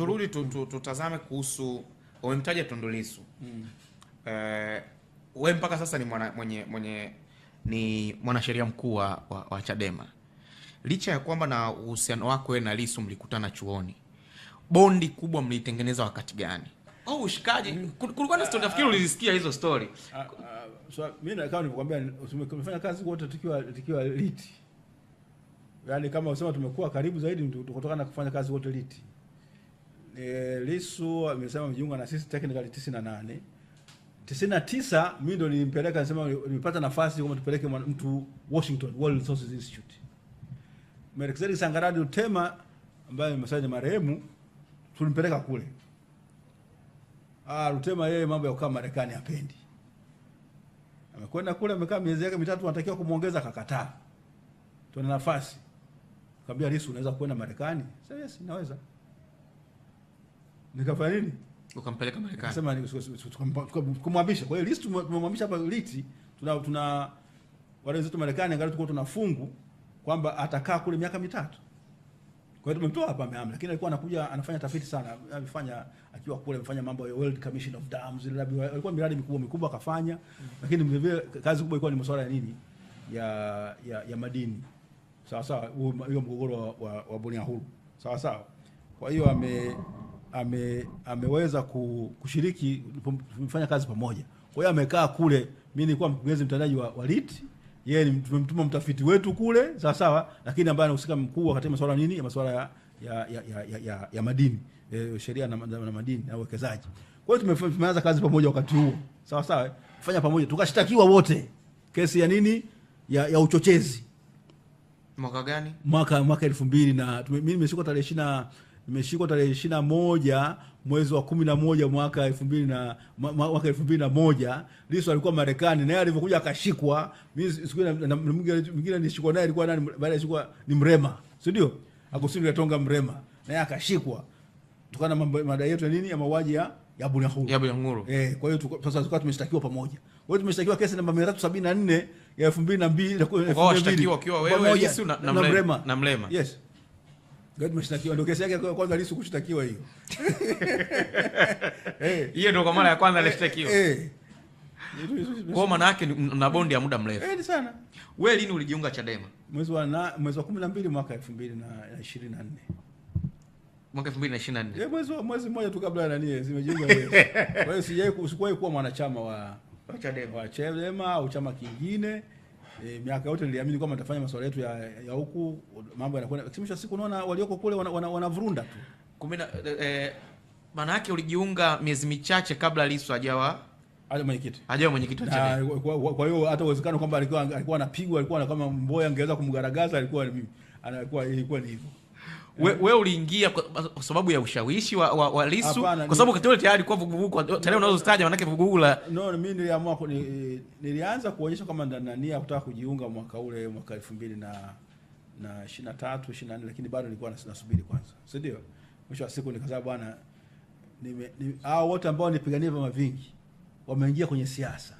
turudi tutazame tu, tu, kuhusu, umemtaja Tundu mm. E, we mpaka sasa ni mwana, mwenye, mwenye ni mwanasheria mkuu wa, wa, Chadema licha ya kwamba na uhusiano wako na lisu mlikutana chuoni, bondi kubwa mlitengeneza wakati gani au oh, ushikaji? Mm. Kulikuwa na story, nafikiri ulizisikia hizo story. Ah, ah, so mimi na kama nilikwambia, tumefanya kazi wote tukiwa tukiwa lit yani kama usema tumekuwa karibu zaidi kutokana na kufanya kazi wote lit e, Lisu amesema mjiunga na sisi technical 98 99 mimi ndo nilimpeleka, nasema nimepata nafasi kwamba tupeleke mtu Washington World Resources Institute. Melkizedeki Sangaradi Utema ambaye msaji marehemu tulimpeleka kule. Ah, Utema yeye mambo ya kukaa Marekani hapendi. Amekwenda kule amekaa miezi yake mitatu, anatakiwa kumuongeza kakataa. Tuna nafasi. Kambia Lisu, unaweza kwenda Marekani? Sasa yes, naweza nikafanya nini, ukampeleka Marekani, sema kumwambisha Kwa hiyo list tumemwambisha hapa liti, tuna tuna wale wenzetu Marekani, angalau tuko tuna fungu kwamba atakaa kule miaka mitatu. Kwa hiyo tumemtoa hapa ameamla lakini alikuwa anakuja anafanya tafiti sana, alifanya akiwa kule, amefanya mambo ya World Commission of Dams, ile labda alikuwa miradi mikubwa mikubwa akafanya, lakini vile vile kazi kubwa ilikuwa ni masuala ya nini ya ya, ya madini, sawa sawa, hiyo mgogoro wa, wa, wa Bonia Hulu sawa sawa. Kwa hiyo ame ame, ameweza kushiriki tumefanya kazi pamoja. Kwa hiyo amekaa kule, mimi nilikuwa mkurugenzi mtendaji wa, wa LIT yeye tumemtuma mtafiti wetu kule sawa sawa, lakini ambaye anahusika mkuu katika masuala nini ya masuala ya, ya, ya, ya, ya, ya madini e, sheria na, na, na madini na uwekezaji. Kwa hiyo tumeanza kazi pamoja wakati huo sawa sawa, fanya pamoja, tukashtakiwa wote kesi ya nini ya, ya uchochezi. Mwaka gani? Mwaka mwaka elfu mbili na mimi nimeshikwa tarehe ishirini imeshikwa tarehe ishirini na moja mwezi wa kumi na moja mwaka elfu mbili na mwaka elfu mbili na moja Lisu alikuwa Marekani, naye alivyokuja akashikwa. Mimi siku mwingine naye, alikuwa nani? Baada ya shikwa ni Mrema, si ndio? Agustino Mrema naye akashikwa kutokana na madai yetu ya nini, ya mauaji ya ya ya Eh, kwa hiyo sasa tukawa tumeshtakiwa pamoja. Kwa hiyo tumeshtakiwa kesi namba 374 ya na na Mrema na Mrema, yes Gadi mshtakiwa ndio kesi yake ya kwanza Lissu kushtakiwa hiyo. Eh. Hiyo ndio kwa mara ya kwanza alishtakiwa. Eh. Kwa maana yake na bondi ya muda mrefu. Eh, sana. Wewe lini ulijiunga Chadema? Mwezi wa na, mwezi wa 12 mwaka 2024. Mwaka 2024. Eh, mwezi mwezi mmoja tu kabla nani zimejiunga wewe. Kwa hiyo sijawahi kuwa mwanachama wa wa Chadema, wa Chadema au chama kingine. E, miaka yote niliamini kwamba nitafanya masuala yetu ya huku mambo yanakwenda. Mwisho siku unaona walioko kule wanavurunda tu. Kumina, eh, maana yake ulijiunga miezi michache kabla Lissu hajawa aje mwenyekiti ajawa mwenyekiti wa chama. Kwa hiyo hata uwezekano kwamba alikuwa alikuwa anapigwa alikuwa kama Mboya angeweza kumgaragaza alikuwa anakuwa ilikuwa ni hivyo we, we uliingia kwa sababu ya ushawishi wa, wa, wa lisu Apana, kwa sababu wakati tayari kwa vuguvugu tarehe unazozitaja manake vuguvugu la no, mimi niliamua ni, nilianza kuonyesha kama ndanania kutaka kujiunga mwaka ule mwaka elfu mbili na na 23 24, lakini bado nilikuwa nasubiri kwanza, si ndio? Mwisho wa siku nikasema bwana, nime hao wote ambao nipigania vyama vingi wameingia kwenye siasa.